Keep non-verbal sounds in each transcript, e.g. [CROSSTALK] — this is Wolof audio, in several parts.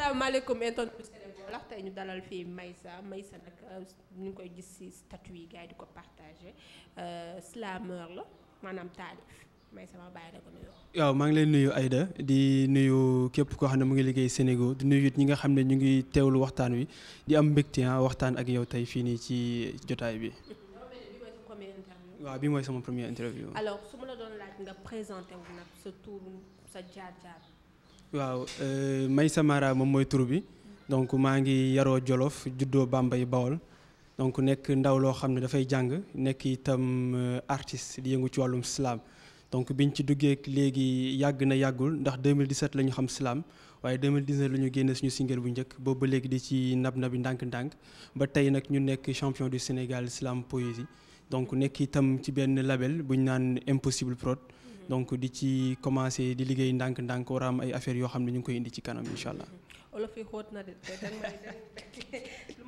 asalaamaaleykum inton bu Sénégal wax tey ñu dalal fii Maïssa Maïssa nag euh, ñu ngi koy gis ci statut yi gars yi di ko partagé euh, slameur la maanaam taalif Maïssa ma bàyyi la ko nuyoo. waaw maa ngi leen nuyu ayda di nuyu képp koo xam ne mu ngi liggéey Sénégal di nuyu it ñi nga xam ne ñu ngi teewlu waxtaan wi di am mbégte ah, waxtaan ak yow tey fii nii ci jotaay bi. waaw bi mooy sama première interview. alors su ma la doon laaj nga présenté nag sa tur sa jaar-jaar. waaw euh, Maysa Mara moom mooy tur bi donc maa ngi yaroo Jolof juddoo Bambey Bawol donc nekk ndaw loo xam ne dafay jàng nekk itam euh, artiste di yëngu ci wàllum slam donc biñ ci duggee léegi yàgg na yàggul ndax 2017 la ñu xam slam waaye 2019 la ñu génne suñu single bu njëkk boobu ba léegi di ci nab nabi ndànk-ndànk ba tey nag ñu nekk champion du Sénégal slam poésie donc nekk itam ci benn label bu ñu naan Impossible Prod donc di ci commencé di liggéey ndànk-ndànk war ay affaires yoo xam ne ñu ngi koy indi ci kanam incha allah. olof yi xoot na de dama bëgg def lii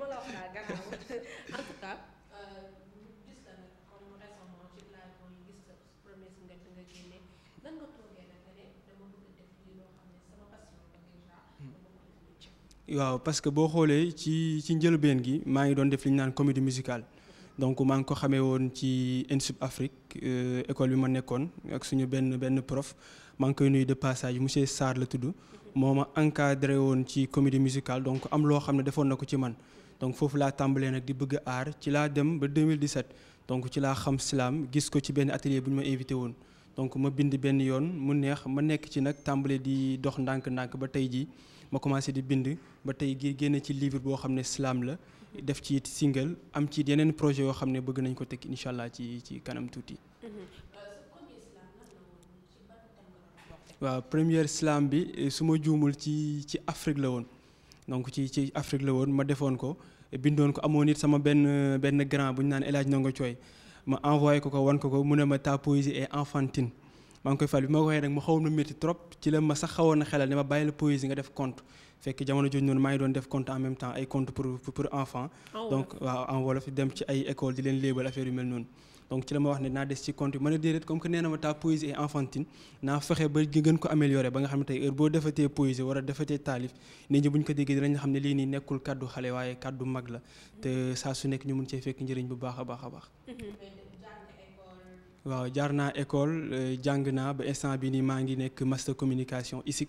loo xam ne sama passion la déjà. Hmm. waaw parce que boo xoolee ci ci njëlbeen gi maa ngi doon def li naan comédie musicale. donc maa ngi ko xamee woon ci INSUP Afrique euh, école bi ma nekkoon ak suñu benn benn prof maa ngi koy nuyu de passage monsieur saar la tudd moo ma encadré woon ci comédie musicale donc am loo xam ne defoon na ko ci man donc foofu laa tàmbalee nag di bëgg aar ci laa dem ba 2017 donc ci laa xam silaam gis ko ci benn atelier bu ñu ma invité woon donc ma bind benn yoon mu neex ma nekk ci nag tàmbalee di dox ndànk-ndànk ba tey jii ma commencé di bind ba tey gi génn ci livre boo xam ne silaam la def ci it single am ci yeneen projet yoo xam ne bëgg nañ ko teg incha allah ci ci kanam tuuti. waaw première slam bi eh, su ma juumul ci ci Afrique la woon donc ci ci Afrique la woon ma defoon ko bindoon ko amoon it sama benn benn grand bu ñu naan El Hadj Ndongo Coy ma envoyé ko ko wan ko ko mu ne ma ta poésie est enfantine maa ngi koy fal bi ma ko waxee nag ma xawoon trop ci la ma sax xawoon na xelal ne ma bàyyi la poésie nga def compte. fekk jamono jooju noonu maa ngi doon def compte en même temps ay compte pour pour ah donc waaw en wolof dem ci ay école di leen léebal affaire yu mel noonu donc ci la ma wax naa des ci compte bi déedéet comme que nee ma ta poésie et enfantine naa fexe ba nga xam ne tey boo defatee poésie wala defatee taalif nit ñi bu ñu ko déggee dinañ xam ne lii nii nekkul kàddu xale waaye kàddu mag la te saa su nekk ñu mun cee fekk njëriñ bu baax a baax a baax mm-hmm. waaw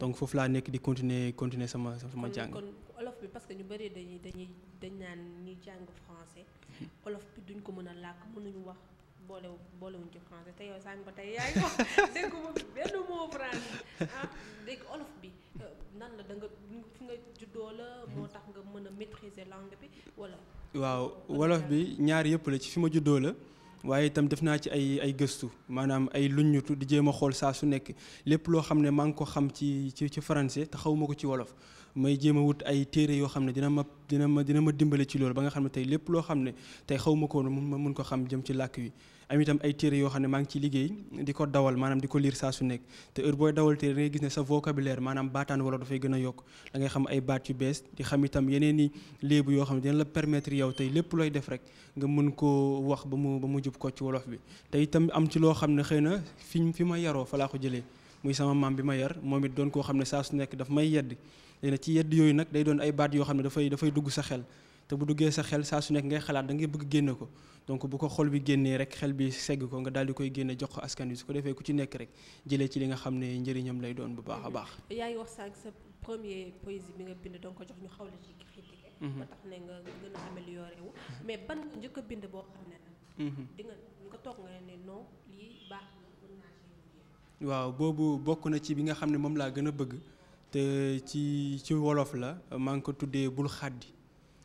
donc foofu laa nekk di continuer continuer sama sama jàng. kon olof bi parce que ñu bëri dañuy dañuy dañ naan ñuy jàng français [LAUGHS] olof bi duñ ko mën a làkk mënuñu wax boole boolewuñ ci français te yow sànq ba tey yaa ngi wax [LAUGHS] benn mot français dégg ah, olof bi euh, nan la da nga fi nga juddoo la moo tax nga mën a maîtriser langue bi wala. waaw wolof bi ñaar yëpp la ci fi ma juddoo la. waaye itam def naa ci ay ay gëstu maanaam ay luññutu di jéem a xool saa su nekk lépp loo xam ne maa ngi ko xam ci ci ci français te xaw ma ko ci wolof may jéem a wut ay téere yoo xam ne dina ma dina ma dina ma dimbale ci loolu ba nga xam ne tey lépp loo xam ne tey xaw ma ko woon ma mun koo xam jëm ci làkk wi am itam ay téere yoo xam ne maa ngi ci liggéey di ko dawal maanaam di ko liir saa su nekk te heure booy dawal téere da ngay gis ne sa vocabulaire maanaam baataan wala dafay gën a yokk da xam ay baat yu bees di xam itam yeneen i yoo xam ne dina la permettre yow tey lépp looy rek nga mën koo wax ba mu ba mu jub ko ci wolof bi te am ci loo xam ne xëy na fi fi ma yaroo fa ko jëlee muy sama maam bi ma yar moom it doon koo xam ne saa su nekk daf may yedd léegi ci yedd yooyu nag day doon ay baat yoo xam ne dafay dafay dugg sa xel te bu duggee sa xel saa su nekk ngay xalaat dangay bëgg génne ko donc bu ko xol bi génnee rek xel bi segg ko nga daal di koy génne jox ko askan wi su ko defee ku ci nekk rek jëlee ci li nga xam ne njëriñam lay doon bu baax a baax. yaa ngi wax sànq sa premier poésie bi nga bind danga ko jox ñu xaw la mhm. mhm. njëkk a bind boo xam ne nag. Mhm. di nga bokk na ci bi nga xam ne moom laa gën a bëgg te ci ci wolof la maa ngi ko tuddee bul xàddi.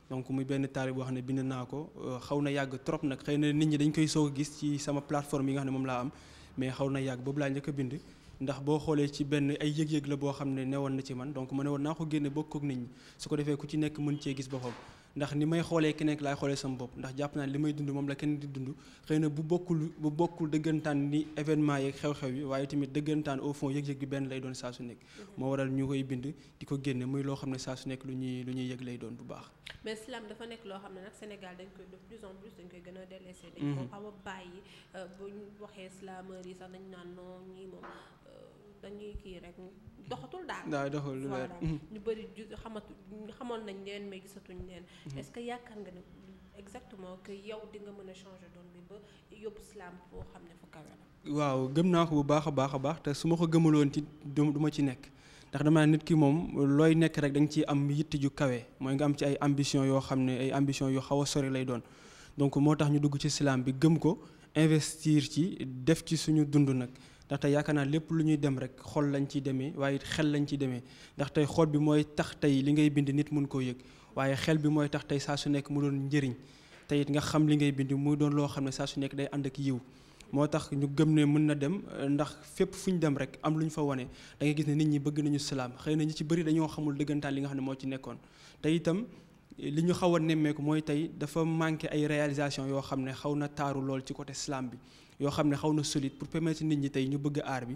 donc muy benn taarif boo xam ne bind naa ko euh, xaw na yàgg trop nag xëy na nit ñi dañ koy soo gis ci sama plateforme yi nga xam ne moom laa am mais xaw na yàgg boobu laa njëkk bind ndax boo xoolee ci benn ay yëg-yëg la boo xam ne newoon na ci man donc ma ne woon naa ko génne bokk ak nit ñi su ko defee ku ci nekk mën cee gis boppam ndax ni may xoolee keneen laay xoolee sama bopp ndax jàpp naa li may dund moom la kenn di dund xëy na bu bokkul bu bokkul dëggantaan ni événement yeeg xew-xew yi waaye tamit dëggantaan au fond yëg-yëg bi benn lay doon saa su nekk mhm. moo waral ñu koy bind di ko génne muy loo xam ne saa su nekk lu ñuy lu ñuy yëg lay doon bu baax mais slam dafa nekk loo xam ne nag Sénégal dañ koy de plus en plus dañ koy gën a délaissé mhm. dañ ko xaw a bàyyi euh, bu ñu waxee slameur yi sax dañ naan non ñii euh, dañuy kii rek doxatul daal. daal doxatul lu leer ñu bëri ju xamatu xamoon nañ leen mais gisatuñ leen. Mm-hmm. est-ce que yaakaar nga ne exactement que yow di nga changer doon bi ba yóbbu islam boo xam ne fu kawe waaw gëm naa ko bu baax a baax a baax te su ma ko gëmuloon ci du ma ci nekk. ndax dama nit ki moom looy nekk rek danga nga ciy am yitt ju kawe mooy nga am ci ay ambition yoo xam ne ay ambition yu xaw a sori lay doon donc moo tax ñu dugg ci silaam bi gëm ko investir ci def ci suñu dund nag ndax tey yaakaar naa lépp lu ñuy dem rek xool lañ ciy demee waaye xel lañ ciy demee ndaxte tey bi mooy tax tey li ngay bind nit mun koo yëg waaye xel bi mooy tax tey saa su nekk mu doon njëriñ teyit nga xam li ngay bind mu doon loo xam ne saa su nekk day ànd ak yiw moo tax ñu gëm ne mën na dem ndax fépp fu ñu dem rek am lu ñu fa wane da ngay gis ne nit ñi bëgg nañu salaam xëy na ñi ci bëri dañoo xamul dëggantaan li nga xam ne moo ci nekkoon te itam li ñu xaw a nemmeeku mooy tey dafa manqué ay réalisation yoo xam ne xaw na taaru lool ci côté islam bi yoo xam ne xaw na solide pour permettre nit ñi tey ñu bëgg aar bi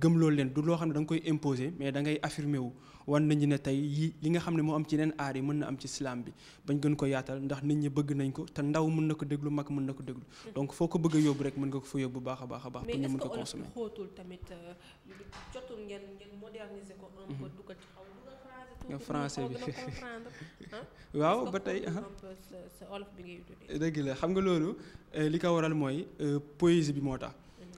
gëm loolu leen du loo xam ne danga koy imposer mais da ngay affirmer wu wan nañu ne tey yi li nga xam ne moo am ci yeneen aar yi mën na am ci islam bi bañ gën ko yaatal ndax nit ñi bëgg nañ ko te ndaw mën na ko déglu mag mën na ko déglu donc foo ko bëgg a yóbbu rek mën nga ko fa yóbbu baax a baax a baax pour ñu mën ko consommer nga français bi [LAUGHS] [LAUGHS] waaw ba tey ah. dëgg la xam nga loolu eh, li ko waral mooy eh, poésie bi moo tax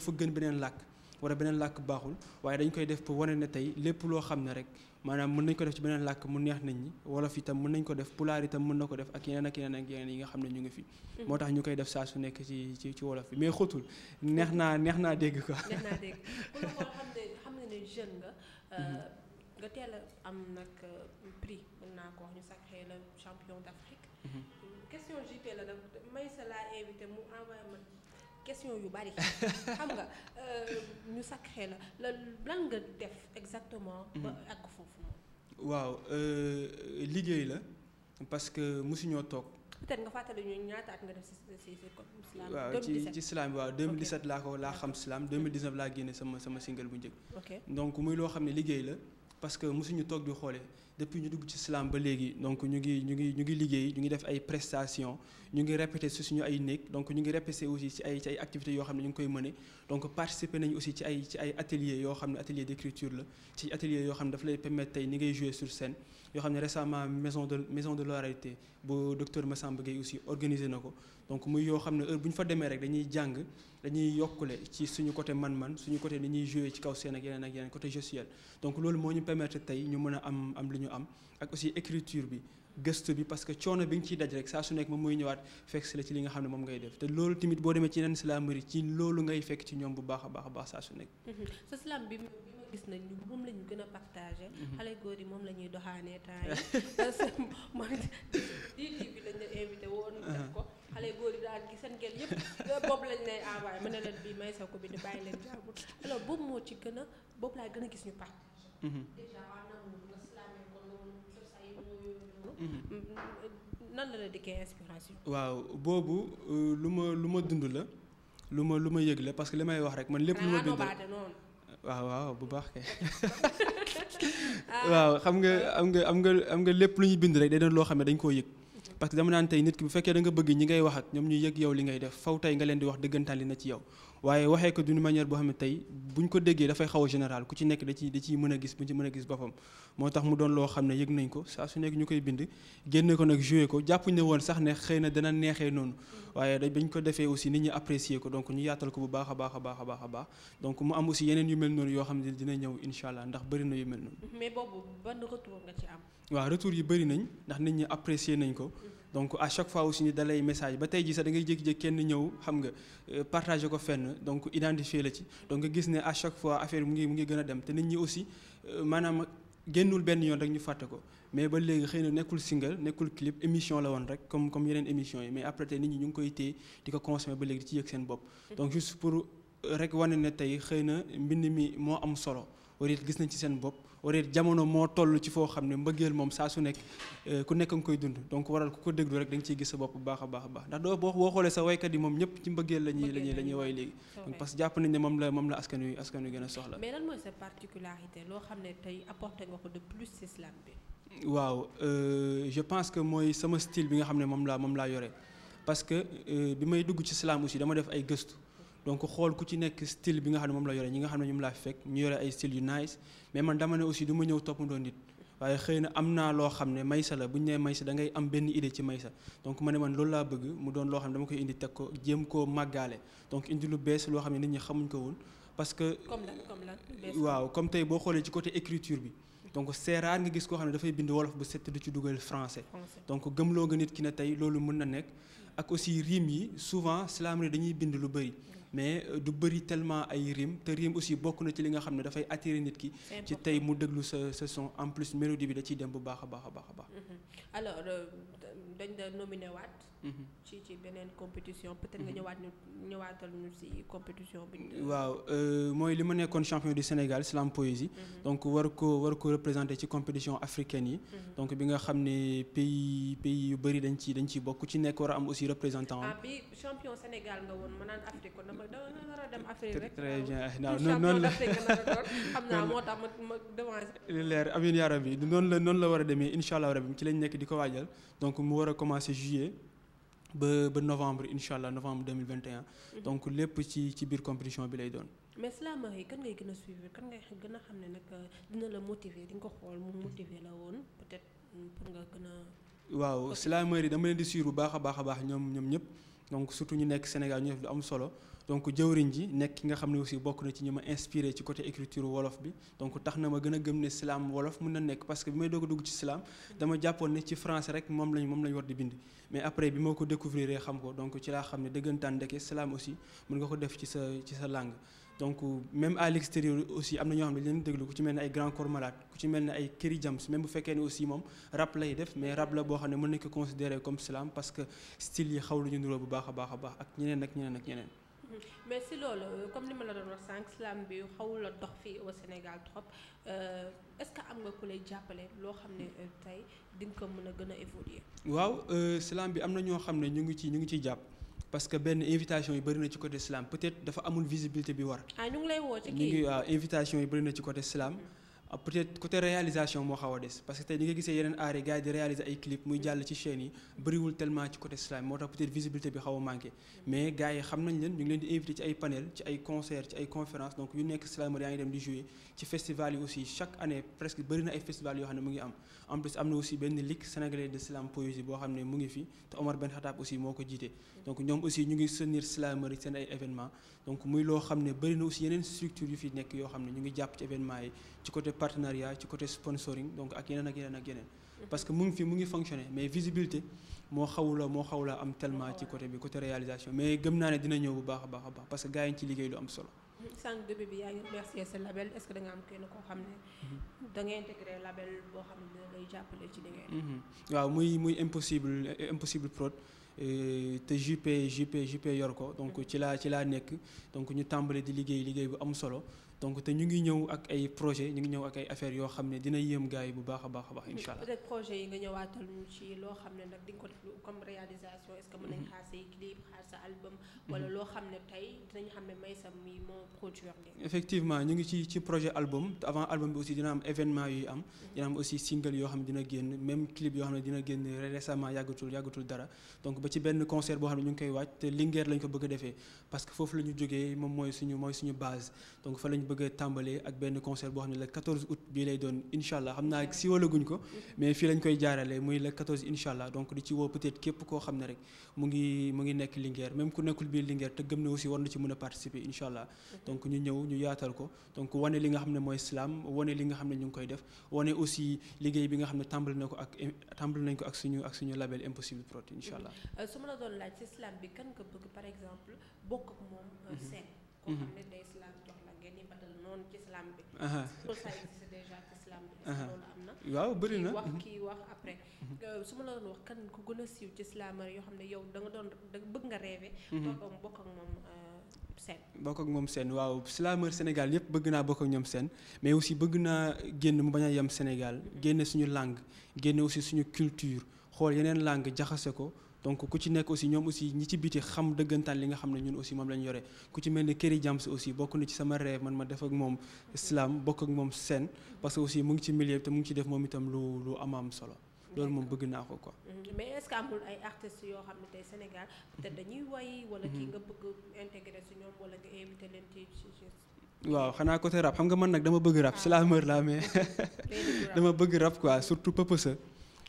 dafa gën beneen làkk wala beneen làkk baaxul waaye dañ koy def pour wane ne tey lépp loo xam ne rek maanaam mën nañ ko def ci beneen làkk mu neex nañ ñi wolof itam mën nañ ko def pulaar mën na ko def ak yeneen ak yeneen ak nga xam ne ñu ngi fi mm-hmm. moo tax ñu koy def saa su nekk ci ci ci wolof mais xóotul neex naa neex naa dégg quoi [LAUGHS] neex naa dégg ku la xool ne jeune nga mm-hmm. euh, nga teel a am nag euh, prix mën naa ko wax ñu sacré la champion d'Afrique mm-hmm. question JT la nag may sa laa invité mu envoyé ma question yu bari [LAUGHS] xam nga euh, ñu sacré la lan nga def exactement. ba mm-hmm. ak foofu. waaw euh, liggéey la parce que mosuñoo toog. peut-être nga fàttali ñu ñaata at nga def si si si comme islam. waaw ci ci islam waaw laa ko laa xam islam 2019 laa génne sama sama single bu njëkk. donc muy loo xam ne liggéey la parce que ñu toog di xoolee. depuis ñu dugg ci islam ba léegi donc ñu ngi ñu ngi ñu ngi liggéey ñu ngi def ay prestations ñu ngi répété si suñu ay néeg donc ñu ngi répété aussi ay ci yoo xam ne ñu ngi koy mëne donc participer nañu aussi ci ay ci ay ateliers yoo xam ne atelier d'écriture la ci atelier yoo xam ne dafa lay permettre tey ni ngay jouer sur scène yoo xam ne récemment maison de maison de l'oralité bu docteur Massamba Gueye aussi organisé na ko donc muy yoo xam ne heure bu ñu fa demee rek dañuy jàng man-man suñu côté ni ñuy jouer ci a am am li am ak aussi écriture bi gëstu bi parce que coono bi nga ciy daj rek saa su nekk moom mooy ñëwaat fekk si la ci li nga xam ne moom ngay def te loolu tamit boo demee ci yeneen slamari ci loolu ngay fekk ci bu baax a baax saa su nekk. Mhm. sa slam bi gis nañ ñu moom lañu gën a partagé. Mhm. xale góor yi moom la ñuy doxaanee temps yi [LAUGHS] parce que man lii bi lañ la invité woon. def ko mhm. xale góor yi daal gi seen gel yëpp boobu lañ lay envoyé mën na leen bii may sa ko bi di bàyyi leen jàmbur a boobu laa Mm-hmm. nan la waaw boobu euh, lu ma lu ma dund la lu ma lu ma yëg la parce que li may wax rek man lépp lu ma bind ah, waaw waaw bu baax kay [LAUGHS] ah. waaw xam nga am nga am nga lépp lu ñuy bind rek day doon loo xam dañ koo yëg mm-hmm. parce que dama naan tey nit ki bu fekkee da nga bëgg ñi ngay wax ak ñoom ñu yëg yow li ngay def foofu tey nga leen di wax dëggantaan li na ci yow waaye waxee ko d'une manière boo xam ne tey buñ ko déggee dafay xaw a général ku ci nekk da ci da ciy mën a gis bu ci mën a gis boppam moo tax mu doon loo xam ne yëg nañ ko saa su nekk ñu koy bind génne ko nag joué ko jàppuñ ne woon sax ne xëy na dana neexee noonu waaye dañ bañ ko defee aussi nit ñi apprécier ko donc ñu yaatal ko bu baax a baax a baax a baax a baax donc mu am aussi yeneen yu mel noonu yoo xam ne dina ñëw incha allah ndax bëri na yu mel noonu mais boobu ban retour waaw retour yi bëri nañ ndax nit ñi apprécier nañ ko donc à chaque fois aussi ni dalay message ba tey jii sax da ngay jékki-jékki kenn ñëw xam nga euh, partagé ko fenn donc identifié la ci donc nga gis ne a chaque fois affaire mu ngi mu ngi gën dem te nit ñi aussi euh, maanaam génnul benn yoon rek ñu fàtte ko mais ba léegi xëy na nekkul single nekkul clip émission la woon rek comme comme yeneen émission yi mais après nit ñi ñu ngi koy téye di ko consommer ba léegi di ci yëg seen bopp mhm. donc juste pour euh, rek wane ne tey xëy na mbind mi moo am solo wala gis nañ ci seen bopp wala jamono moo toll ci foo xam ne mbëggeel moom saa su nekk eh, ku nekk nga koy dund donc waral ku ko déglu rek da nga ciy gis sa bopp bu baax a baax a baax ndax doo boo boo xoolee sa waykat yi moom ñëpp ci mbëggeel la ñuy la ñuy la ñuy woy léegi donc parce que jàpp nañ ne gën a soxla loo xam ne tey apporté nga ko de plus ci slam waaw euh, je pense que mooy sama style bi nga xam ne moom laa moom laa yore parce que euh, bi may dugg ci slam aussi dama def ay gëstu donc xool ku ci nekk style bi nga xam ne moom la yore ñi nga xam ne ñoom laa fekk ñu yore ay style yu nice mais man dama ne aussi du ma ñëw toppandoo nit waaye xëy na am naa loo xam ne maysa la bu ñu nee maysa da ngay am benn idée ci maysa donc ma ne man loolu laa bëgg mu doon loo xam ne dama koy indi teg ko jéem koo màggaale donc indi lu bees loo xam ne nit ñi xamuñ ko woon parce que comme waaw comme tey boo xoolee ci côté écriture bi donc c'est nga gis koo xam ne dafay bind wolof bu set du ci dugal français donc gëmloo nga nit ki ne tey loolu mën na nekk ak aussi rime yi souvent slam dañuy bind lu bëri mais euh, du bëri tellement ay rime te rime aussi bokk na ci li nga xam ne dafay attirer nit ki ci tey mu déglu sa sa son en plus mélodie bi da ciy dem bu baax a baax a baax a baax mm-hmm. alors euh, dañ da nominé waat. Mhm. ci ci beneen compétition peut-être nga mhm. ñëwaat ñu ñëwaatal ñu si compétition bi. waaw euh, mooy li ma nekkoon champion du Sénégal slam poésie. Mhm. donc war ko war ko représenté ci compétition africaine ne pays pays yu bëri dañ ci dañ ciy bokk ci nekk a am aussi représentant. ah bi champion Sénégal nga woon ma naan Afrique kon dama a dem Afrique rek. très [LAUGHS] noonu la [LAUGHS] xam naa moo noonu la war a demee incha allah rabbi ci lañ nekk di ko waajal donc. mu war a commencé juillet ba ba novembre incha allah novembre 2021 mhm. donc lépp ci ci biir compétition bi lay doon mais Slameur kan ngay gën suivre kan ngay gën a xam ne nag euh, dina la motiver di nga ko xool mu motiver la woon peut-être mm, pour nga gën a waaw Slameur yi dama leen di suivre baax a baax a baax ñoom ñoom ñëpp donc surtout ñu nekk Sénégal ñu def lu am solo donc jëwriñ ji nekk ki nga xam ne aussi bokk na ci ñu ma inspiré ci côté écriture wolof bi donc tax na ma gën a gëm ne silam wolof mun na nekk parce que bi may doog dugg ci silam dama jàppoon ne ci français rek moom lañu moom lañ war di bind mais après bi ma ko découvrir xam ko donc ci laa xam ne dëggantaan ndeke silam aussi mun nga ko def ci sa ci sa donc même à l'extérieur aussi am na ñoo xam ne leen déglu ku ci mel ne ay grand corps malade ku ci mel ne ay Kerry James même bu fekkee ne aussi moom rap lay def mais rap la boo xam ne mën nañ ko considérer comme slam parce que style yi xaw lu ñu nuroo bu baax a baax a baax ak ñeneen ak ñeneen mm-hmm. mais si loolu comme ni ma la doon wax sànq slam bi xawul a dox fii au Sénégal trop euh, est-ce am nga ku lay jàppale loo xam ne euh, tey di nga ko mën a gën a évoluer. waaw euh, slam bi am na ñoo xam ne ñu ngi ci ñu ngi ciy jàpp. parce que benn invitation yi bëri na ci côté slam peut-être dafa amul visibilité bi war. Ah, ñu ngi waaw ah, invitation yi bëri ci côté slam. Ah, peut-être côté réalisation moo xaw a des parce que tey ni nga gisee yeneen aar yi gars yi di réaliser ay clip muy jàll ci chaîne yi bëriwul tellement ci côté slam moo tax peut-être visibilité bi xaw a manqué mais gars yi xam nañ leen ñu ngi leen di invité ci ay panel ci ay concert ci ay conférence donc yu nekk slameur yaa ngi dem en plus am na aussi benn ligue sénégalais de slam poésie boo xam ne mu ngi fi te Omar Ben Khattab aussi moo ko jiite donc ñoom aussi ñu ngi soutenir slameur seen ay événement donc muy loo xam ne bëri na aussi yeneen structure yu fi nekk yoo xam ne ñu ngi jàpp ci événement yi ci côté partenariat ci côté sponsoring donc ak yeneen ak yeneen mhm. parce que mu ngi fi mu ngi fonctionner mais visibilité moo xawula moo xawula am tellement ci côté bi côté réalisation mais gëm naa a a ci liggéey lu am solo sànq début bi yaa ngi remercier sa label est-ce que da am kenn koo xam ne. Mhm. da nga label boo xam ne lay jàppale ci li mhm. waaw muy muy impossible impossible prod. te JP JP JP yor ko donc mhm. ci laa ci laa nekk donc ñu tàmbali di liggéey liggéey bu am solo donc te ñu ngi ñëw ak ay projet ñu ngi ñëw ak ay affaire yoo xam ne dina yéem gars yi bu baax a baax a baax incha allah peut projet yi nga ñëwaatal ñu ci loo xam ne nag di nga ko def comme réalisation est-ce que mën nañ mhm. xaar say clip xaar sa album wala mhm. loo xam ne tey dinañ xam ne Meissa mi moo produire ñu ngi ci ci projet album te avant album bi dina am événement yuy am mhm. dina aussi single yoo xam ne dina génn même clip yoo xam ne dina génn récemment yàggatul yàggatul dara donc ba ci benn concert boo xam ne ñu ngi koy waaj te Linguère lañ ko bëgg a parce que foofu la ñu jógee suñu mooy suñu base bëgg a tàmbalee ak benn concert boo xam ne le 14 août bii lay doon incha allah xam naa si walaguñ ko mais fii lañ koy jaarale muy le 14 incha allah donc di ci woo peut képp koo xam ne rek mu ngi mu ngi nekk Linguère même ku nekkul bii Linguère te gëm ne aussi war na ci mën a participer incha donc ñu ñëw ñu yaatal ko donc wane li nga xam ne mooy slam wane li nga xam ne ñu ngi koy def wane aussi liggéey bi nga xam ne tàmbal na ko ak tàmbali nañ ko ak suñu ak suñu label impossible produit incha allah euh, su ma la doon laaj ci ni batal noonu ci islam bi. na. waaw bëri wax mhm. kii wax après. Mhm. Euh, su ma la doon wax kan ku gën siiw ci islam yoo xam ne yow da doon da bëgg nga rêvé. Mhm. bokk ak moom euh, seen. bokk ak moom seen waaw islameur Sénégal yëpp bëgg naa bokk ak ñoom seen mais aussi bëgg naa génn mu bañ a yem Sénégal génne suñu langue génne aussi suñu culture xool yeneen langue jaxase ko. donc ku ci nekk aussi ñoom aussi ñi ci biti xam dëggantaan li nga xam ne ñun aussi moom la ñu yore ku ci mel ni Kerry James aussi bokk na ci sama rêve man ma def ak moom slam bokk ak moom scène parce que aussi mu ngi ci milieu te mu ngi ci def moom solo. loolu moom bëgg naa ko mm-hmm. ay artistes yoo xam ne tey Sénégal te dañuy way wala kii nga bëgg intégrer su ñoom wala nga invité leen ci waaw xanaa côté rap xam nga man nag dama bëgg rap. c'est laa meur là mais dama bëgg rab quoi surtout Peuposa.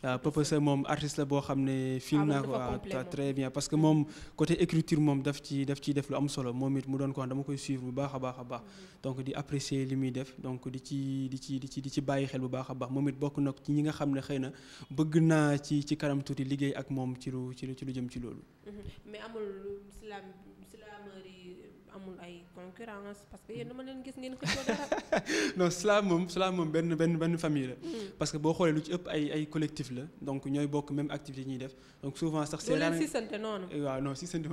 waaw euh, Papa moom artiste la boo xam ne film ah, naa ko ah, parce que moom côté écriture moom daf ci daf ciy def lu am solo moom it mu doon ko dama koy suivre bu baax a baax a baax mm-hmm. donc di apprécier li muy def donc di ci di ci bàyyi xel bu baax a baax moom it bokk na ci ñi nga xam ne xëy na bëgg naa ci ci kanam tuuti liggéey ak moom ci lu ci lu jëm ci loolu mm-hmm. mais amul amul ay concurrence parce que yéen dama leen gis ngeen xëccoo dara. [LAUGHS] non cela moom cela moom benn benn benn famille la. Hmm. parce que boo xoolee lu ci ëpp ay ay collectif la donc ñooy bokk même activité ñuy def donc souvent sax. c'est leen sisante noonu. Eh waaw non seen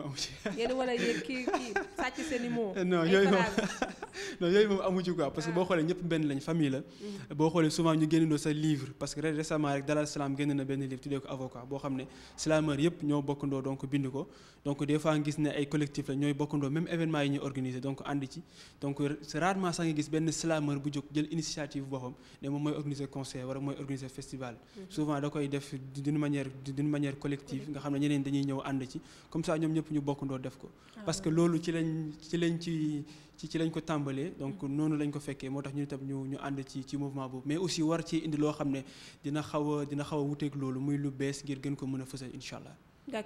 i mots. [LAUGHS] non yooyu moom [LAUGHS] non yooyu moom amu ci quoi parce que ah. boo hmm. que récemment rek Dalal Salaam génn na benn livre tuddee ko avocat boo xam ne slameur yëpp ñoo bokkandoo donc bind ko donc des fois gis ne ay collectif la ñooy bokkandoo même événement yi ñuy organiser donc donc ànd ci donc euh, rarement sax nga gis benn slameur bu jóg jël initiative boppam ne moom mooy organiser concert wala mooy organiser festival mhm. souvent da koy def d'une manière d'une manière collective nga xam ne ñeneen dañuy ñëw ànd ci comme ça ñoom ñëpp ñu bokkandoo def ko ah parce loolu ci lañ ci lañ ci ci lañ ko tàmbalee donc mhm. noonu lañ ko fekkee moo tax ñu itam ñu ñu ànd ci ci mouvement boobu mais aussi war ci indi loo xam ne dina xaw a dina xaw a wuteeg loolu muy lu bees ngir gën ko a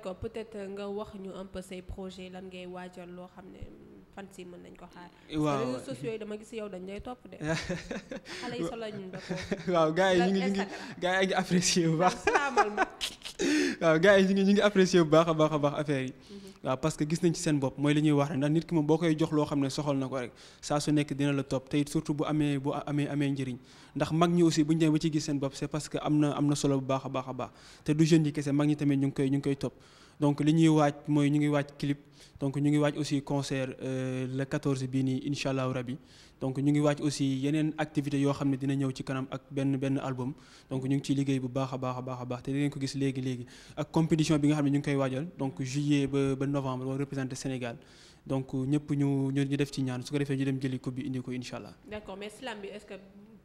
fan si mën nañ ko xaar. waaw réseaux sociaux yi dama dañ lay topp de. [LAUGHS] xale yi solo ñu waaw gars yi ñu ngi ñu ngi gars yi apprécier bu baax. a baax a baax affaire yi. Mhm. waaw parce gis nañ ci seen bopp mooy li wax rek ndax nit ki moom boo koy jox loo xam ne soxal na ko rek saa su nekk dina la topp te it surtout bu amee bu amee amee njëriñ ndax mag ñi aussi bu ñu demee ba ci gis seen bopp c'est parce am na am na solo bu baax a baax a baax te du jeune yi kese mag ñi tamit ñu ngi koy ñu ngi koy topp donc li ñuy waaj mooy ñu ngi waaj clip donc ñu ngi waaj aussi concert euh, le 14 bii nii incha allahu rabi donc ñu ngi waaj aussi yeneen activité yoo xam ne dina ñëw ci kanam ak benn benn album donc ñu ngi ciy liggéey bu baax a baax a baax a baax te dinañ ko gis léegi léegi ak compétition bi nga xam ne ñu ngi koy waajal donc juillet ba ba novembre war représenter Sénégal donc ñëpp ñu ñu def ci ñaan su ko defee ñu dem jëli coupe bi indi ko incha allah.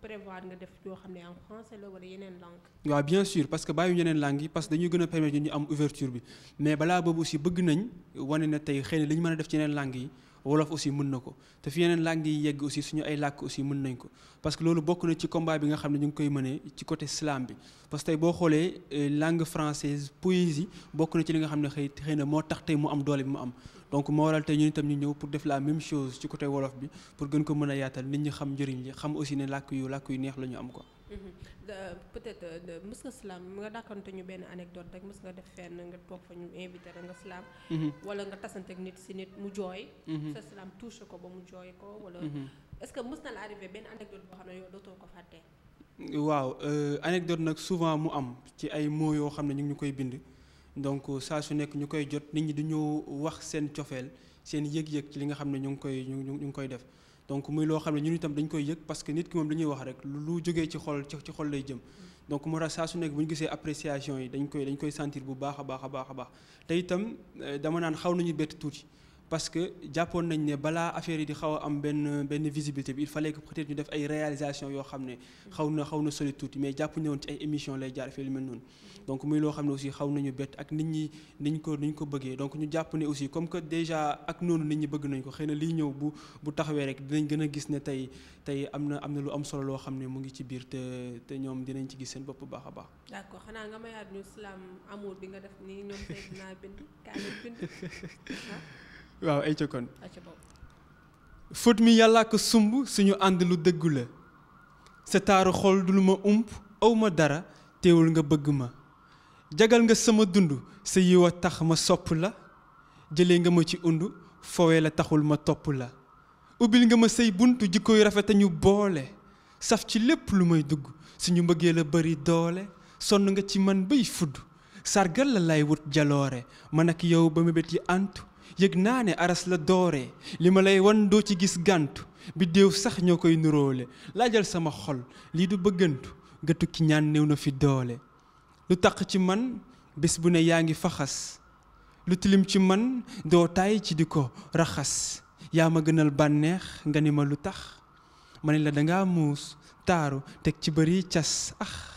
prévoir nga def yoo xam ne en français la wala yeneen langue waaw bien sûr parce que bàyyi yeneen langue yi parce que dañuy gën a permettre ñu am ouverture bi mais balaa boobu aussi bëgg nañ wane ne tey xëy na li ñu mën a def ci yeneen langue yi wolof aussi mën na ko te fi yeneen langue yi yegg aussi suñu ay làkk aussi mën nañ ko parce que loolu bokk na ci combat bi nga xam ne ñu ngi koy mënee ci côté slam bi parce que tey boo xoolee euh, langue française poésie bokk na ci li nga xam ne xëy xëy na moo tax tey mu am doole bi mu am donc moo waral ñu itam ñu ñëw pour def la même chose ci côté wolof bi pour gën ko mën a yaatal nit ñi xam njëriñ li xam aussi ne làkk yu làkk yu neex la ñu am ko mm-hmm. euh, peut-être euh, mës nga slam nga dàkkante ñu benn anecdote rek mës nga def fenn nga toog fa ñu invité la nga slam mm-hmm. wala nga tasante ak nit si nit mu jooy. Mm-hmm. sa slam touché ko ba mu jooy ko wala. est-ce que mës na la arrivé benn anecdote boo xam ne yow dootoo ko fàtte. waaw euh, anecdote nag souvent mu am ci ay mots yoo xam ne ñu ñu koy bind. donc euh, saa su nekk ñu koy jot nit ñi ñu wax seen cofeel seen yëg-yëg ci li nga xam ne ñu ngi koy ñu ñu ngi koy def donc muy loo xam ne ñun itam dañ koy yëg parce que nit ki moom li ñuy wax rek lu jógee ci xol ci xol lay jëm donc moo tax saa su nekk bu ñu gisee appréciation yi dañ koy dañ koy sentir bu baax a baax a baax a baax te itam euh, dama naan xaw nañu bett tuuti parce que jàppoon nañ ne balaa affaire yi di xaw a am benn benn visibilité bi il fallait que peut-être ñu def ay réalisation yoo xam ne xaw na xaw na soli tuuti mais jàpp ne woon ci ay émission lay jaar fii lu mel noonu donc muy loo xam ne aussi xaw nañu bett ak nit ñi niñ ko niñ ko bëggee donc ñu jàpp ne aussi comme que déjà ak noonu nit ñi bëgg nañ ko xëy na liy ñëw bu bu taxawee rek dinañ gën a gis ne tey tey am na am na lu am solo loo xam ne mu ngi ci biir te te ñoom dinañ ci gis seen bopp baax a baax d'accord xanaa nga mayaat ñu islam amour bi nga def ni ñoom tey dinaa bind waaw ay ca fóot mi yàlla ko sumb suñu ànd lu dëggu la sa taaru xol du lu ma ump aw ma dara teewul nga bëgg ma jagal nga sama dund sa yiw a tax ma sopp la jëlee nga ma ci und fowee la taxul ma topp la ubbil nga ma say bunt jikko yu rafet a ñu boole saf ci lépp lu may dugg suñu mbëggee la bari doole sonn nga ci man bay fudd sargal la lay wut jaloore man ak yow ba mébét yi antu yëg naa ne aras la doore li ma lay wan doo ci gis gàntu biddéew sax ñoo koy nuróole laajal sama xol lii du bëggantu gëtu ki ñaan néew na fi doole lu taq ci man bés bu ne yaa ngi faxas lu tilim ci man doo taay ci di ko raxas yaa ma gënal bànneex nga ni ma lu tax ma ne la danga muus taaru teg ci bëri cas ax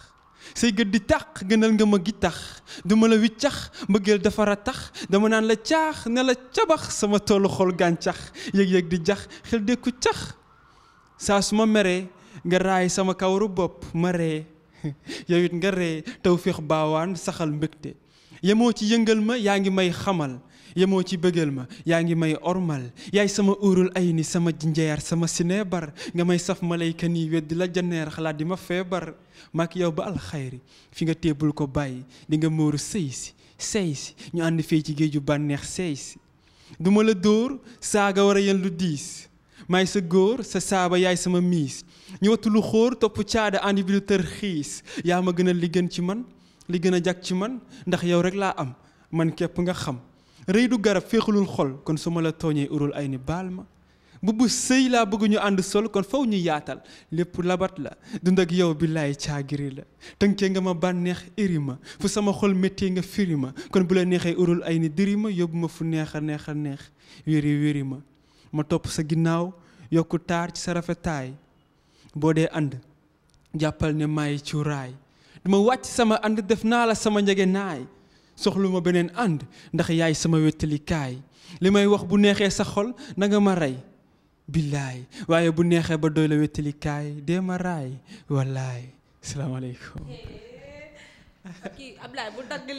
say gët di tàq gënal nga ma gittax tax duma la wiccax mbëggeel dafara tax dama naan la caax ne cabax sama toolu xol gàncax yëg-yëg di jax xel dékku cax saa su ma meree nga raay sama kawaru bopp ma ree [LAUGHS] yow it nga ree taw féex baawaan saxal mbégte yemoo ci yëngal ma yaa ngi may xamal yemoo ci bëggal ma yaa ngi may ormal yaay sama urul ay ni sama jinjeer sama sineebar nga may saf malayka nii weddi la janeer xalaat di ma feebar maak yow ba alxayri fi nga teebul ko bàyyi di nga móoru sëy si sëy si ñu ànd fee ci géeju bànneex sëy si duma la dóor saaga war a yen lu diis maay sa góor sa saaba yaay sama miis ñu wattu lu xóor topp caada àndi tër xiis yaa ma gën a li gën ci man li gën a jag ci man ndax yow rek laa am man képp nga xam rëy du garab féexalul xol kon su ma la tooñee urul ay ni baal ma mbubb sëy laa bëgg ñu ànd sol kon faw ñu yaatal lépp labat la dund ak yow billaay caagiri la tënkee nga ma bànneex iri ma fu sama xol méttee nga firi ma kon bu la neexee urul ay ni diri ma yóbbu ma fu neex a neex a neex wéri wéri ma ma topp sa ginnaaw yokku taar ci sa rafetaay boo dee ànd jàppal ne maay cuuraay duma wàcc sama ànd def naa la sama njege naay soxlu ma beneen ànd ndax yaay sama wettalikaay li may wax bu neexee sa xol nanga ma rey billaay waaye bu neexee ba doy la wettalikaay dee ma raay wallaay salaamaaleykum. [LAUGHS] kii Ablaye bu dagg [LAUGHS]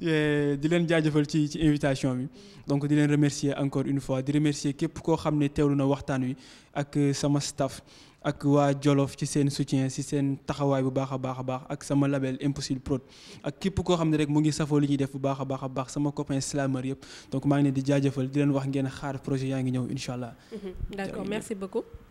eh, di leen jaajëfal ci ci invitation bi donc di leen remercier encore une fois di remercier képp koo xam ne teewlu na waxtaan wi ak euh, sama staff. ak waa Jolof ci seen soutien ci seen taxawaay bu baax a baax a baax ak sama label Impossible Prod ak képp koo xam ne rek mu ngi safoo li ñuy def bu baax a baax a baax sama copain slameur yëpp donc maa ngi leen di jaajëfal di leen wax ngeen xaar projet yaa ngi ñëw incha allah. Mhm. d'accord merci beaucoup.